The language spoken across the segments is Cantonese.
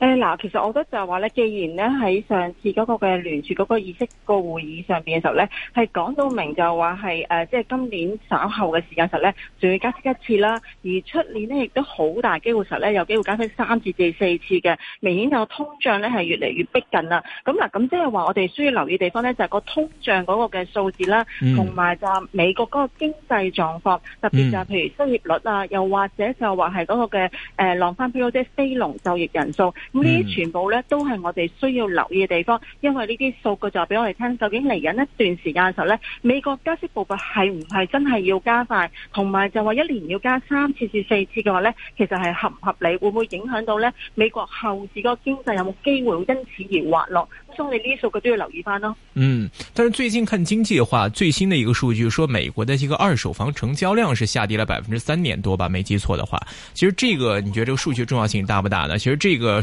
誒嗱，其實我覺得就係話咧，既然咧喺上次嗰個嘅聯儲嗰個議息個會議上邊嘅時候咧，係講到明就係話係誒，即係今年稍後嘅時間實咧，仲要加息一次啦，而出年咧亦都好大機會實咧，有機會加息三至至四次嘅，明顯就通脹咧係越嚟越逼近啦。咁嗱，咁即係話我哋需要留意的地方咧，就係個通脹嗰個嘅數字啦，同埋就美國嗰個經濟狀況，特別就係譬如失業率啊，又或者就話係嗰個嘅誒，晾翻起即係非農就業人數。咁呢啲全部咧都係我哋需要留意嘅地方，因為呢啲數據就話俾我哋聽，究竟嚟緊一段時間嘅時候咧，美國加息步伐係唔係真係要加快，同埋就話一年要加三次至四次嘅話咧，其實係合唔合理，會唔會影響到咧美國後市個經濟有冇機會因此而滑落？咁所以呢啲數據都要留意翻咯。嗯，但是最近看經濟嘅話，最新嘅一個數據說美國嘅一個二手房成交量是下跌了百分之三點多吧？沒記錯的話，其實這個你覺得這個數據重要性大不大呢？其實這個。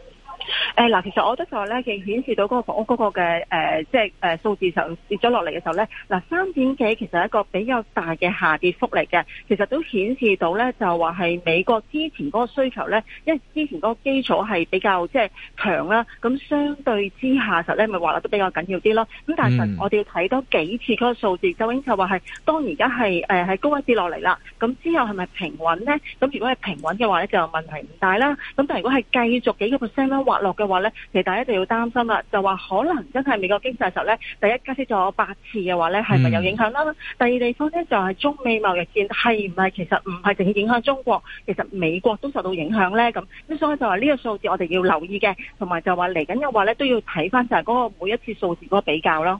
誒嗱，其實我覺得就話咧，佢顯示到嗰、那個房屋嗰個嘅誒、呃，即係誒數字上跌咗落嚟嘅時候咧，嗱三點幾，其實係一個比較大嘅下跌幅嚟嘅，其實都顯示到咧，就話係美國之前嗰個需求咧，因為之前嗰個基礎係比較即係強啦，咁相對之下實咧，咪話得比較緊要啲咯。咁但係我哋要睇多幾次嗰個數字，嗯、究竟就話係當而家係誒喺高位跌落嚟啦，咁之後係咪平穩咧？咁如果係平穩嘅話咧，就問題唔大啦。咁但係如果係繼續幾個 percent 咧？滑落嘅話咧，其實大家一定要擔心啦，就話可能真係美國經濟嘅時候咧，第一加息咗八次嘅話咧，係咪有影響啦？嗯、第二地方咧就係、是、中美貿易戰係唔係其實唔係淨係影響中國，其實美國都受到影響咧咁，咁所以就話呢個數字我哋要留意嘅，同埋就話嚟緊嘅話咧都要睇翻就係嗰個每一次數字嗰個比較咯。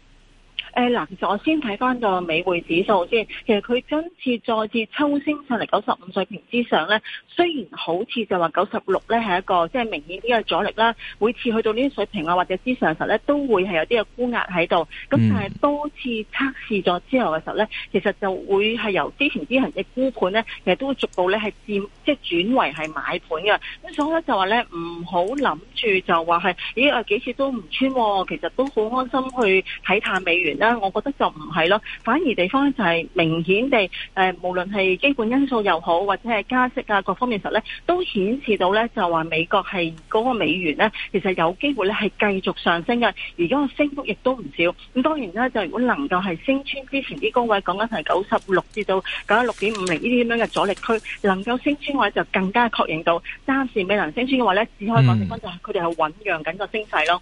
誒嗱，其實我先睇翻個美匯指數先，其實佢今次再次抽升上嚟九十五水平之上咧，雖然好似就話九十六咧係一個即係、就是、明顯啲嘅阻力啦，每次去到呢啲水平啊或者之上嘅時候咧，都會係有啲嘅沽壓喺度。咁但係多次測試咗之後嘅時候咧，其實就會係由之前啲人嘅沽盤咧，其實都會逐步咧係轉即係轉為係買盤嘅。咁所以咧就話咧唔好諗住就話係咦幾次都唔穿、啊，其實都好安心去睇淡美元。我覺得就唔係咯，反而地方就係明顯地，誒、呃、無論係基本因素又好，或者係加息啊各方面實咧，都顯示到咧就話美國係嗰個美元咧，其實有機會咧係繼續上升嘅，而家個升幅亦都唔少。咁當然呢，就如果能夠係升穿之前啲高位，講緊係九十六至到九十六點五零呢啲咁樣嘅阻力區，能夠升穿嘅話，就更加確認到，暫時未能升穿嘅話咧，只可以講緊、嗯、就係佢哋係醞釀緊個升勢咯。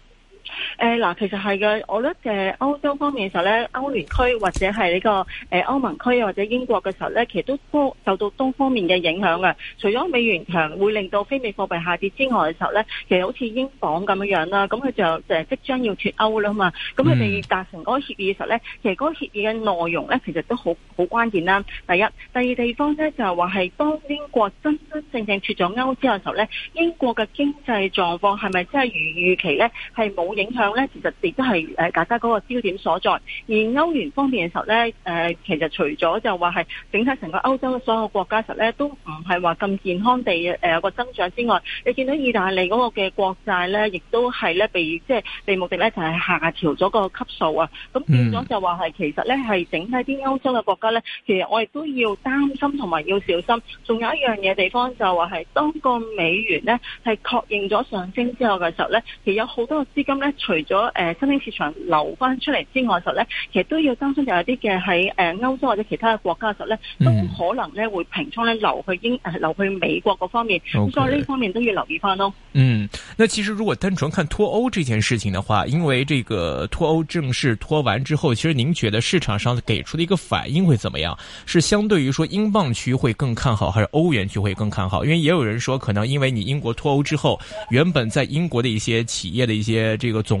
誒，嗱，其實係嘅，我覺得歐洲方面嘅時候咧，歐元區或者係呢個誒歐盟區或者英國嘅時候咧，其實都受到多方面嘅影響嘅。除咗美元強會令到非美貨幣下跌之外嘅時候咧，其實好似英鎊咁樣樣啦，咁佢就就係即將要脫歐啦嘛，咁佢哋達成嗰個協議嘅時候咧，其實嗰個協議嘅內容咧，其實都好好關鍵啦。第一，第二地方咧就係話係當英國真真正正脫咗歐之後嘅時候咧，英國嘅經濟狀況係咪真係如預期咧？係冇影響？咧，其實亦都係誒大家嗰個焦點所在。而歐元方面嘅時候咧，誒、呃、其實除咗就話係整體成個歐洲所有國家嘅時候咧，都唔係話咁健康地有個增長之外，你見到意大利嗰個嘅國債咧，亦都係咧被即係被目的咧就係下調咗個級數啊。咁變咗就話係其實咧係整體啲歐洲嘅國家咧，其實我亦都要擔心同埋要小心。仲有一樣嘢地方就話係當個美元咧係確認咗上升之後嘅時候咧，其實有好多嘅資金咧。除咗誒、呃、新興市場流翻出嚟之外，時候咧其實都要擔心，有一啲嘅喺誒歐洲或者其他嘅國家時候咧，都可能咧會平衝咧流去英，誒、啊、流去美國嗰方面，咁 Okay. 所以呢方面都要留意翻咯。嗯，那其實如果單純看脫歐這件事情的話，因為這個脫歐正式脫完之後，其實您覺得市場上給出的一個反應會怎麼樣？是相對於說英鎊區會更看好，還是歐元區會更看好？因為也有人說可能因為你英國脫歐之後，原本在英國的一些企業的一些這個總。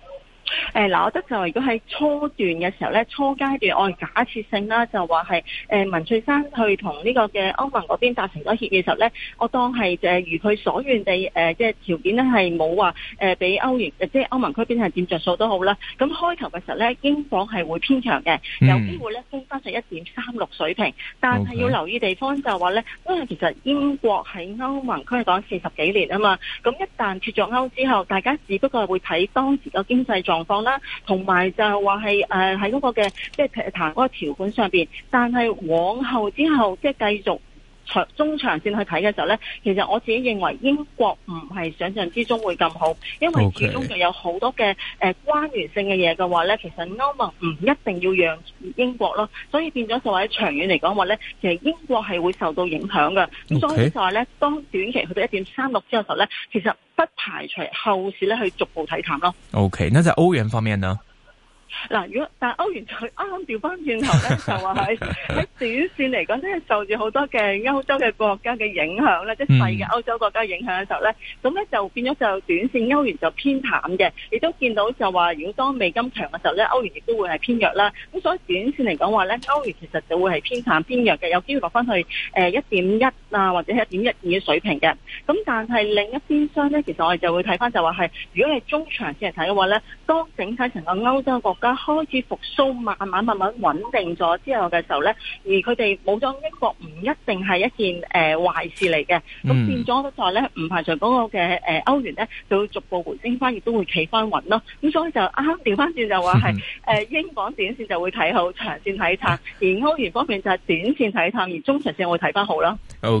誒，嗱、呃，我覺得就如果喺初段嘅時候咧，初階段，我假設性啦，就話係誒文翠珊去同呢個嘅歐盟嗰邊達成咗協議嘅時候咧，我當係誒如佢所願地，誒、呃、即係條件咧係冇話誒俾歐元，即係歐盟區邊係佔着數都好啦。咁開頭嘅時候咧，英鎊係會偏強嘅，有機會咧升翻上一點三六水平，嗯、但係要留意地方就話咧，因、呃、為其實英國喺歐盟區講四十幾年啊嘛，咁一旦脱咗歐之後，大家只不過會睇當時個經濟狀。情況啦，同埋就係話係誒喺嗰個嘅即係談嗰個條款上邊，但係往後之後即係繼續，長中長線去睇嘅時候咧，其實我自己認為英國唔係想象之中會咁好，因為其中就有好多嘅誒關聯性嘅嘢嘅話咧，其實歐盟唔一定要讓英國咯，所以變咗就喺長遠嚟講話咧，其實英國係會受到影響嘅，所以就話咧，當短期去到一點三六之後時候咧，其實不排除後市咧去逐步睇淡咯。O K，呢就係歐元方面呢？嗱，如果但係歐元就啱啱調翻轉頭咧，就係喺 短線嚟講，即係受住好多嘅歐洲嘅國家嘅影響咧，即係細嘅歐洲國家影響嘅時候咧，咁咧、嗯、就變咗就短線歐元就偏淡嘅，亦都見到就話，如果當美金強嘅時候咧，歐元亦都會係偏弱啦。咁所以短線嚟講話咧，歐元其實就會係偏淡偏弱嘅，有機會落翻去誒一點一。嗱，或者係一點一二嘅水平嘅，咁但係另一邊廂咧，其實我哋就會睇翻就話、是、係，如果你中長線嚟睇嘅話咧，當整體成個歐洲國家開始復甦、慢慢慢慢穩定咗之後嘅時候咧，而佢哋冇咗英國唔一定係一件誒、呃、壞事嚟嘅，咁、嗯、變咗在咧，唔排除嗰個嘅誒歐元咧就會逐步回升翻，亦都會企翻穩咯。咁所以就啱調翻轉就話係誒英鎊短線就會睇好，長線睇差；啊、而歐元方面就係短線睇差，而中長線會睇翻好啦。哦。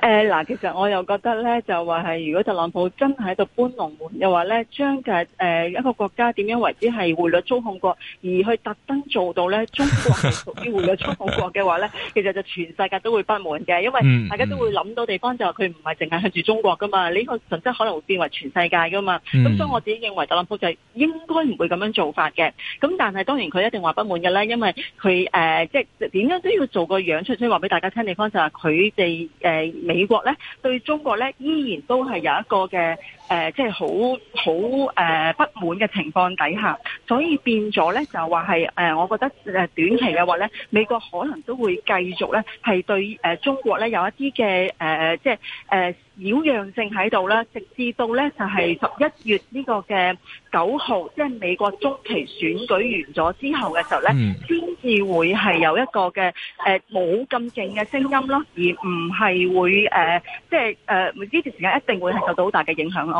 嗱、呃，其實我又覺得咧，就話係如果特朗普真係喺度搬龍門，又話咧將其、呃、一個國家點樣為之係匯率操控國，而去特登做到咧中國係屬於匯率操控國嘅話咧， 其實就全世界都會不滿嘅，因為大家都會諗到地方就話佢唔係淨係向住中國噶嘛，呢、呢個實質可能會變為全世界噶嘛。咁、嗯、所以我自己認為特朗普就係應該唔會咁樣做法嘅。咁但係當然佢一定話不滿嘅呢，因為佢、呃、即係點樣都要做個樣出，所以話俾大家聽地方就係佢哋美國咧對中國咧依然都係有一個嘅。誒、呃、即係好好誒不滿嘅情況底下，所以變咗咧就話係誒，我覺得短期嘅話咧，美國可能都會繼續咧係對、呃、中國咧有一啲嘅誒即係誒擾攘性喺度啦，直至到咧就係十一月呢個嘅九號，即係美國中期選舉完咗之後嘅時候咧，先至、嗯、會係有一個嘅誒冇咁勁嘅聲音咯，而唔係會誒、呃、即係誒呢段時間一定會係受到好大嘅影響咯。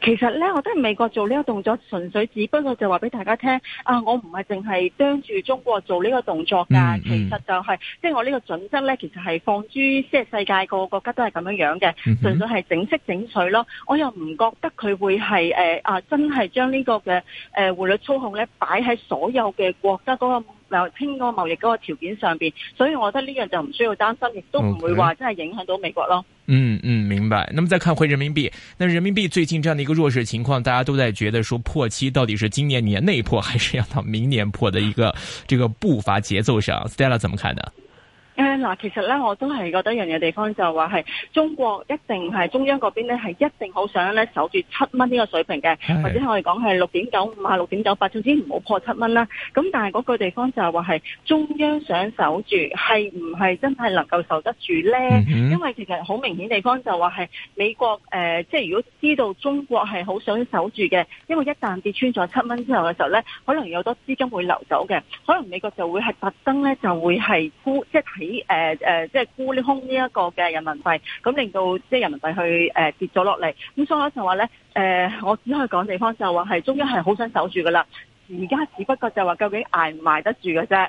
其實呢，我覺得美國做呢個動作，純粹只不過就話俾大家聽、啊、我唔係淨係盯住中國做呢個動作㗎。Mm hmm. 其實就係即係我呢個準則呢，其實係放諸世界各個國家都係咁樣樣嘅，mm hmm. 純粹係整色整水囉。我又唔覺得佢會係誒、呃啊、真係將呢個嘅誒匯率操控呢，擺喺所有嘅國家嗰、那個。就喺嗰個貿易嗰個條件上邊，所以我覺得呢樣就唔需要擔心，亦都唔會話真係影響到美國咯。Okay. 嗯嗯，明白。那麼再看回人民幣，那人民幣最近這樣的一個弱勢情況，大家都在覺得說破七到底是今年年內破，還是要到明年破的一個這個步伐節奏上，Stella 怎麼看呢？誒嗱，其實咧，我都係覺得一樣嘢地方就話係中國一定係中央嗰邊咧，係一定好想咧守住七蚊呢個水平嘅，是的 或者我哋講係六點九五啊、六點九八，總之唔好破七蚊啦。咁但係嗰個地方就話係中央想守住，係唔係真係能夠守得住咧？嗯、哼 因為其實好明顯地方就話係美國、呃、即係如果知道中國係好想守住嘅，因為一旦跌穿咗七蚊之後嘅時候咧，可能有多資金會流走嘅，可能美國就會係特登咧就會係沽即係。就係喺誒誒，即係沽空呢一個嘅人民幣，咁令到即係人民幣去誒、呃、跌咗落嚟。咁所以就話咧，誒、呃，我只可以講地方，就話係中央係好想守住噶啦，而家只不過就話究竟挨唔挨得住嘅啫。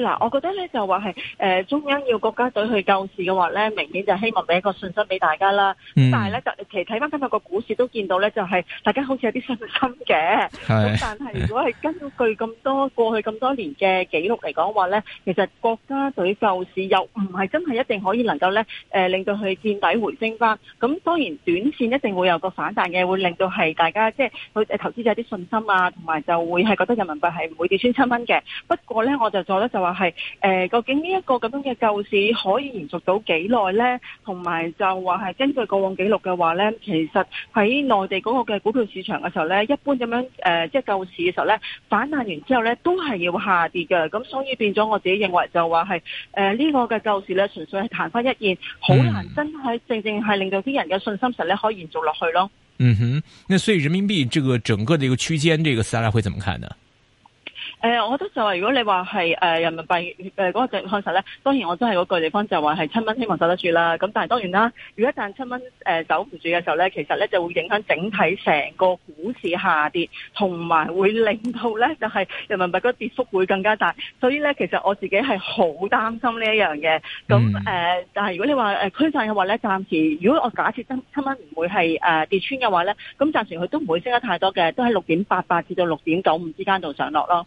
嗱，我覺得咧就話係誒中央要國家隊去救市嘅話咧，明顯就希望俾一個信心俾大家啦。嗯、但係咧其實睇翻今日個股市都見到咧，就係、是、大家好似有啲信心嘅。咁是但係如果係根據咁多、嗯、過去咁多年嘅記錄嚟講話咧，其實國家隊救市又唔係真係一定可以能夠咧、呃、令到佢見底回升翻。咁當然短線一定會有個反彈嘅，會令到係大家即係佢投資者啲信心啊，同埋就會係覺得人民幣係唔會跌穿七蚊嘅。不過咧，我就再咧就係誒，究竟呢一個咁樣嘅救市可以延續到幾耐咧？同埋就話係根據過往記錄嘅話咧，其實喺內地嗰個嘅股票市場嘅時候咧，一般咁樣誒，即係救市嘅時候咧，反彈完之後咧，都係要下跌嘅。咁所以變咗，我自己認為就話係誒呢個嘅救市咧，純粹係曇花一現，好難真係正正係令到啲人嘅信心實咧可以延續落去咯。嗯哼，那所以人民幣這個整個嘅一個區間，這個大家會怎麼看呢？誒、呃，我覺得就話，如果你話係誒人民幣誒嗰、呃那個正確實咧，當然我都係嗰句地方就話係七蚊希望守得住啦。咁但係當然啦，如果一旦七蚊誒守唔住嘅時候咧，其實咧就會影響整體成個股市下跌，同埋會令到咧就係、是、人民幣個跌幅會更加大。所以咧，其實我自己係好擔心呢一樣嘅。咁誒、嗯呃，但係如果你話區的話誒趨勢嘅話咧，暫時如果我假設七蚊唔會係誒、呃、跌穿嘅話咧，咁暫時佢都唔會升得太多嘅，都喺六點八八至到六點九五之間度上落咯。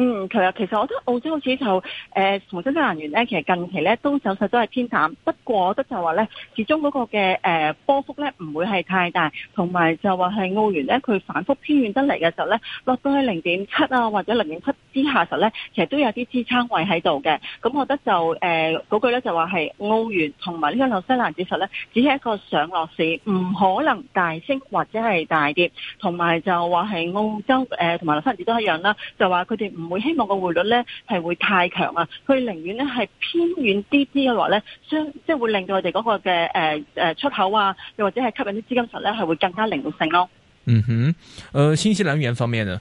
嗯，佢啊，其實我覺得澳洲好似就誒同、呃、新西蘭元咧，其實近期咧都走勢都係偏淡。不過我覺得就話咧，始終嗰個嘅誒、呃、波幅咧唔會係太大，同埋就話係澳元咧，佢反覆偏遠得嚟嘅時候咧，落到去零點七啊或者零點七之下時咧，其實都有啲支撐位喺度嘅。咁我覺得就誒嗰、呃、句咧就話係澳元同埋呢個紐西蘭指實咧，只係一個上落市，唔可能大升或者係大跌。同埋就話係澳洲誒同埋紐西蘭指都一樣啦，就話佢哋唔。會希望個匯率咧係會太強啊，佢寧願咧係偏軟啲啲嘅話咧，相即係會令到我哋嗰個嘅誒誒出口啊，又或者係吸引啲資金出咧，係會更加靈活性咯。嗯哼，誒、呃，新西蘭元方面呢。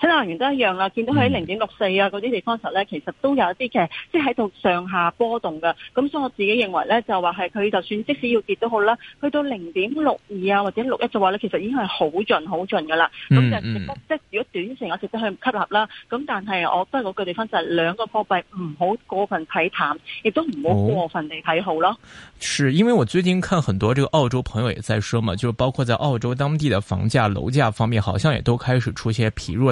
睇能源都一樣啦，見到佢喺零點六四啊嗰啲地方時候咧，嗯、其實都有一啲嘅，即係喺度上下波動嘅。咁所以我自己認為咧，就話係佢就算即使要跌都好啦，去到零點六二啊或者六一就話咧，其實已經係好盡好盡噶啦。咁、嗯、就值得即係如果短程我值得去吸納啦。咁但係我都係嗰個地方就係兩個貨幣唔好過分睇淡，亦都唔好過分地睇好咯。哦、是因為我最近看很多這個澳洲朋友也在說嘛，就包括在澳洲當地的房價樓價方面，好像也都開始出現疲弱。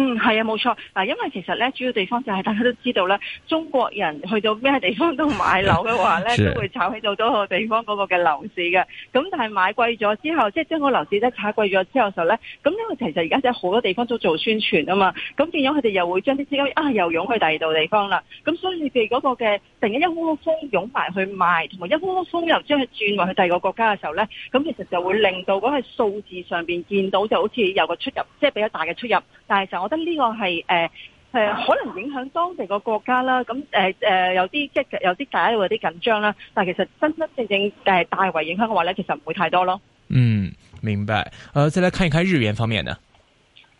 嗯，係啊，冇錯。嗱，因為其實咧，主要地方就係大家都知道咧，中國人去到咩地方都買樓嘅話咧， 啊、都會炒起到嗰個地方嗰個嘅樓市嘅。咁但係買貴咗之後，即係將個樓市咧炒貴咗之後嘅時候咧，咁因為其實而家真係好多地方都做宣傳啊嘛，咁變咗佢哋又會將啲資金啊又湧去第二度地方啦。咁所以佢哋嗰個嘅突然間一窩蜂湧埋去賣，同埋一窩蜂又將佢轉運去第二個國家嘅時候咧，咁其實就會令到嗰個數字上邊見到就好似有個出入，即係比較大嘅出入。但係就覺得呢個係誒誒，可能影響當地個國家啦。咁誒誒，有啲即係有啲大家會有啲緊張啦。但係其實真真正正誒大為影響嘅話咧，其實唔會太多咯。嗯，明白。誒、呃，再來看一看日元方面呢？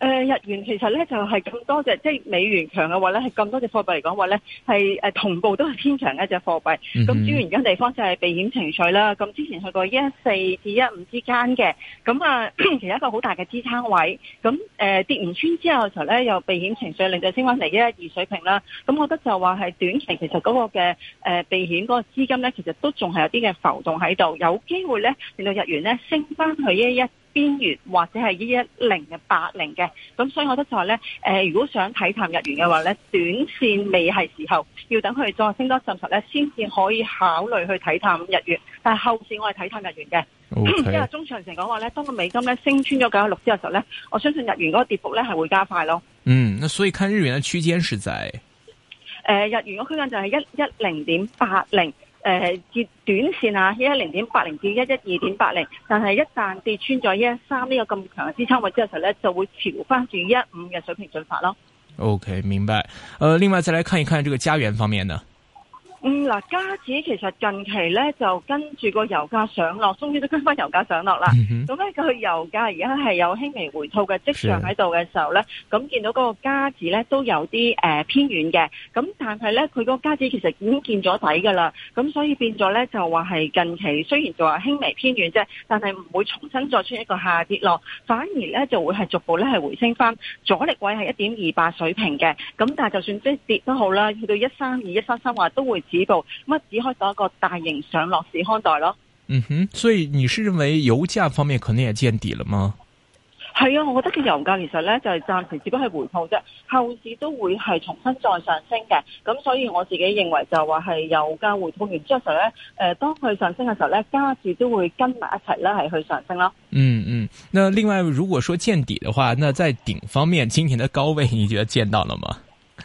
誒，日元其實咧就係咁多隻，即係美元強嘅話咧，係咁多隻貨幣嚟講話咧，係誒同步都係偏強一隻貨幣。咁、嗯、哼主要而家地方就係避險情緒啦。咁之前去過一四至一五之間嘅，咁啊，其實一個好大嘅支撐位。咁誒、呃、跌唔穿之後，時候咧又避險情緒令到升翻嚟一一二水平啦。咁我覺得就話係短期其實嗰個嘅誒避險嗰個資金咧，其實都仲係有啲嘅浮動喺度，有機會咧令到日元咧升翻去一一。邊緣或者係一一零嘅八零嘅，咁所以我都話咧，誒、呃，如果想睇淡日元嘅話咧，短線未係時候，要等佢再升多十十咧，先至可以考慮去睇淡日元。但係後市我係睇淡日元嘅，因為 中長程講話咧，當個美金咧升穿咗九啊六之後咧，我相信日元嗰個跌幅咧係會加快咯。嗯，那所以看日元嘅區間是在誒、呃，日元嘅區間就係一一零點八零。誒，接、呃、短線啊，一一零點八零至一一二點八零，但係一旦跌穿咗一一三呢個咁強嘅支撐位之後呢，就會調翻轉一五嘅水平進發咯。OK，明白。誒、呃，另外再來看一看呢個家園方面呢？嗯，嗱，加紙其實近期咧就跟住個油價上落，終於都跟翻油價上落啦。咁咧個油價而家係有輕微回吐嘅跡象喺度嘅時候咧，咁的、嗯、見到嗰個加紙咧都有啲誒、呃、偏遠嘅，咁但係咧佢個加紙其實已經見咗底噶啦，咁、嗯、所以變咗咧就話係近期雖然就話輕微偏遠啫，但係唔會重新再出一個下跌落，反而咧就會係逐步咧係回升翻。阻力位係一點二八水平嘅，咁、嗯、但係就算即跌都好啦，去到一三二、一三三話都會。起只開咗一個大型上落市看待咯。嗯哼，所以你是認為油價方面可能也見底了嗎？係啊，我覺得個油價其實咧就係、是、暫時只不過係回吐啫，後市都會係重新再上升嘅。咁所以我自己認為就話係油價回吐完之後咧，誒、呃，當佢上升嘅時候咧，加字都會跟埋一齊咧係去上升咯。嗯嗯，那另外如果說見底的話，那在頂方面今年的高位你覺得見到了嗎？誒、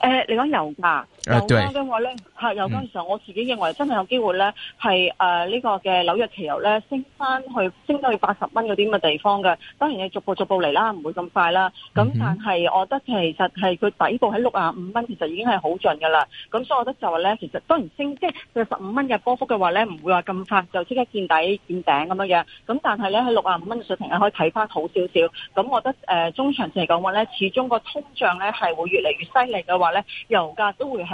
呃，你講油價？油嘅話咧，嚇油嘅時候，嗯、我自己認為真係有機會咧，係誒呢個嘅紐約期油咧升翻去升到去八十蚊嗰啲咁嘅地方嘅。當然係逐步逐步嚟啦，唔會咁快啦。咁但係我覺得其實係佢底部喺六十五蚊，其實已經係好盡㗎啦。咁所以我覺得就話咧，其實當然升即係佢十五蚊嘅波幅嘅話咧，唔會話咁快就即刻見底見頂咁樣樣。咁但係咧喺六十五蚊嘅水平咧，可以睇翻好少少。咁我覺得誒、呃、中長期嚟講話咧，始終個通脹咧係會越嚟越犀利嘅話咧，油價都會係。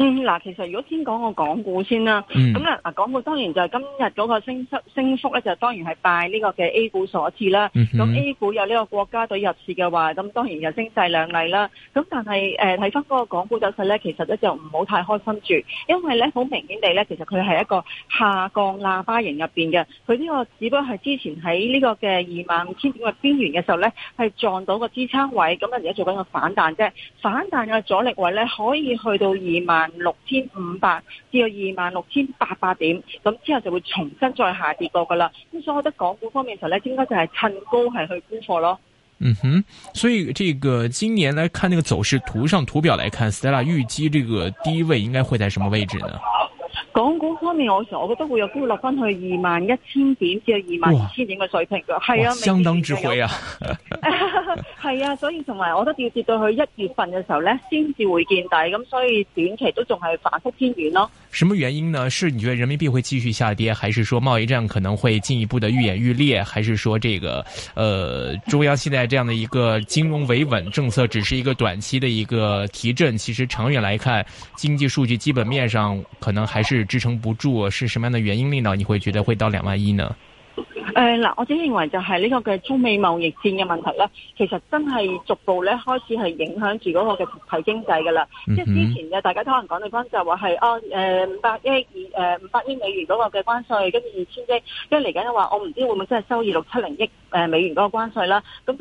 嗯嗱，其實如果先講個港股先啦，咁啦、嗯，啊港股當然就係今日嗰個升升幅咧，就當然係拜呢個嘅 A 股所賜啦。咁、嗯、哼 A 股有呢個國家隊入市嘅話，咁當然就升勢凌厲啦。咁但係誒睇翻嗰個港股走勢咧，其實咧就唔好太開心住，因為咧好明顯地咧，其實佢係一個下降喇叭形入邊嘅，佢呢個只不過係之前喺呢個嘅二萬五千點嘅邊緣嘅時候咧，係撞到個支撐位，咁啊而家做緊個反彈啫，反彈嘅阻力位咧可以去到二萬。六千五百至到二萬六千八百點，咁之後就會重新再下跌過噶啦。咁所以我覺得港股方面嘅時候咧，應該就係趁高係去沽貨咯。嗯哼，所以這個今年嚟看，那個走勢圖上圖表來看，Stella 預計這個低位應該會在什麼位置呢？港股方面，我成我覺得會有機會落翻去二萬一千點至到二萬二千點嘅水平嘅，係啊，相當之灰啊。 係啊，所以同埋，我都調節到去一月份嘅時候呢，先至會見底，咁所以短期都仲係反覆偏軟咯。什麼原因呢？是你覺得人民幣會繼續下跌，還是說貿易戰可能會進一步的愈演愈烈，還是說這個，呃，中央現在這樣的一個金融維穩政策只是一個短期的一個提振，其實長遠來看，經濟數據基本面上可能還是支撐不住，是什麼樣的原因令到你會覺得會到兩萬一呢？誒嗱、呃，我自己認為就係呢個嘅中美貿易戰嘅問題咧，其實真係逐步咧開始係影響住嗰個嘅實體經濟噶啦。即係、嗯、哼之前嘅大家可能講對關就話、是、係哦誒五百億誒五百億美元嗰個嘅關稅，跟住二千億，跟住嚟緊又話我唔知道會唔會真係收二六七零億誒美元嗰個關稅啦。咁就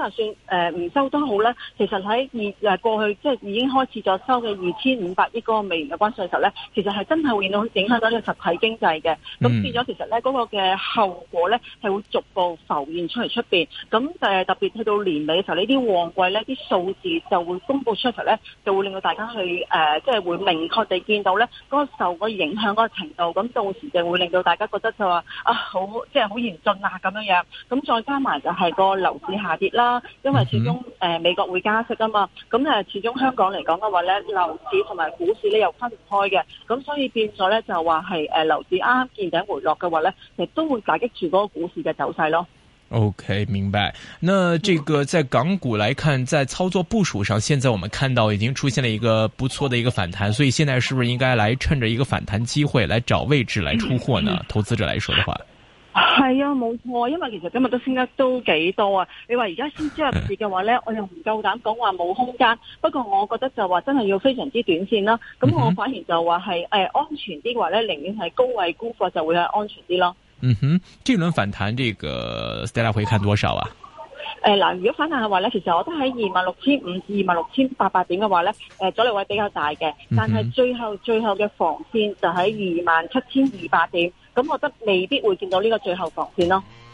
算誒唔收都好咧，其實喺二誒過去即係已經開始咗收嘅二千五百億個美元嘅關稅時候咧，其實係真係會影響到影響到呢個實體經濟嘅。咁、嗯、變咗其實咧嗰個嘅後果咧。係會逐步浮現出嚟出面，咁誒特別去到年尾嘅時候，呢啲旺季咧，啲數字就會公布出嚟咧，就會令到大家去誒，即、呃、係、就是、會明確地見到咧嗰、那個受個影響嗰個程度，咁到時就會令到大家覺得就話啊好，即係好嚴峻啊咁樣樣。咁再加埋就係個樓市下跌啦，因為始終誒、呃、美國會加息啊嘛，咁誒、呃、始終香港嚟講嘅話咧，樓市同埋股市咧又分唔開嘅，咁所以變咗咧就話係誒樓市啱啱見頂回落嘅話咧，其實都會打擊住嗰、那個。股市嘅走勢咯，OK 明白。那這個在港股來看，在操作部署上，現在我們看到已經出現了一個不錯的一個反彈，所以現在是不是應該來趁着一個反彈機會來找位置來出貨呢？ 投資者來說的話，係啊，冇錯，因為其實今日都升得都幾多啊。你話而家先入市嘅話呢， 我又唔夠膽講話冇空間。不過我覺得就話真係要非常之短線啦。咁我反而就話係誒安全啲嘅話呢，寧願係高位沽貨就會係安全啲咯。嗯哼，這輪反彈，這個 Stella 會看多少啊？誒，嗱，如果反彈嘅話咧，其實我覺得喺二萬六千五至二萬六千八百點嘅話咧，誒，阻力位比較大嘅，但係最後最後嘅防線就喺二萬七千二百點，咁我覺得未必會見到呢個最後防線咯。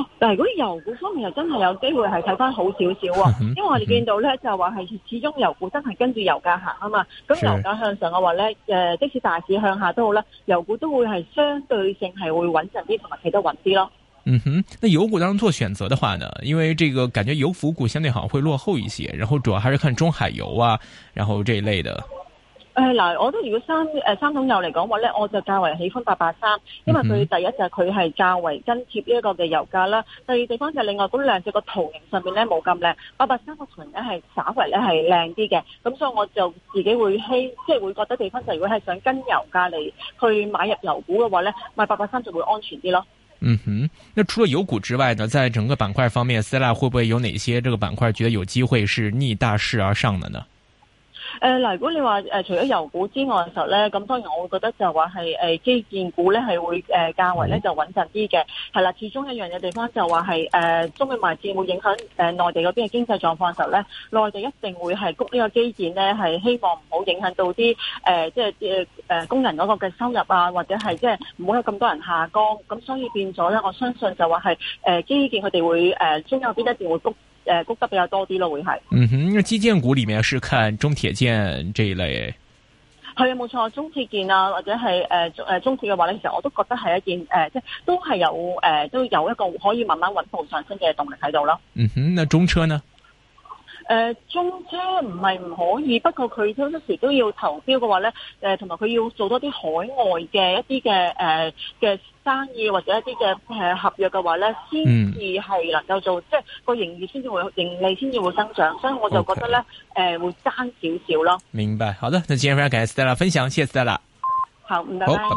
哦、但係如果油股方面又真係有機會係睇翻好少少喎，因為我哋見到咧、嗯嗯、就話係始終油股真係跟住油價行啊嘛，咁油價向上嘅話咧，誒是、呃、即使大市向下都好啦，油股都會係相對性係會穩陣啲同埋企得穩啲咯。嗯哼，那油股當中做選擇的話呢？因爲這個感覺油服股相對好像會落後一些，然後主要還是看中海油啊，然後這一類的。嗯誒，嗱、嗯，我覺得如果三誒三桶油嚟講話咧，我就較為喜歡八八三，因為佢第一就係佢係較為跟貼呢一個嘅油價啦。第二地方就係另外嗰兩隻個圖形上面咧冇咁靚，八八三個圖形咧係稍微咧係靚啲嘅。咁所以我就自己會希，即係會覺得地方就係如果係想跟油價嚟去買入油股嘅話咧，買八八三就會安全啲咯。嗯哼，那除了油股之外呢，在整個板塊方面，Sir，會不會有哪些這個板塊覺得有機會是逆大勢而上的呢？誒嗱、呃，如果你話、呃、除咗油股之外嘅時候咧，咁當然我會覺得就話係基建股咧係會、呃、價位咧就穩陣啲嘅。係啦，始終一樣嘅地方就話係誒中美貿戰會影響內地嗰邊嘅經濟狀況嘅時候咧，內地一定會係谷呢個基建咧，係希望唔好影響到啲誒即係誒工人嗰個嘅收入啊，或者係即係唔好有咁多人下崗。咁所以變咗咧，我相信就話係、呃、基建佢哋會誒、呃、中有邊一定會谷。誒，谷得比較多啲咯，會係。嗯哼，基建股裏面是看中鐵建這一類。係啊，冇錯，中鐵建啊，或者係誒誒，中鐵嘅話咧，其實我都覺得係一件誒，即係都係有誒，都有一個可以慢慢穩步上升嘅動力喺度咯。嗯哼，那中車呢？誒、呃，中車唔係唔可以，不過佢好多時都要投標嘅話咧，誒、呃，同埋佢要做多啲海外嘅一啲嘅誒嘅生意或者一啲嘅誒合約嘅話咧，先至係能夠做，嗯、即係個營業先至會盈利會，先至會增長，所以我就覺得咧，誒 Okay.、呃，會爭少少咯。明白，好的，那今日非常感謝 Stella 分享，謝謝 Stella。好，唔該，拜拜。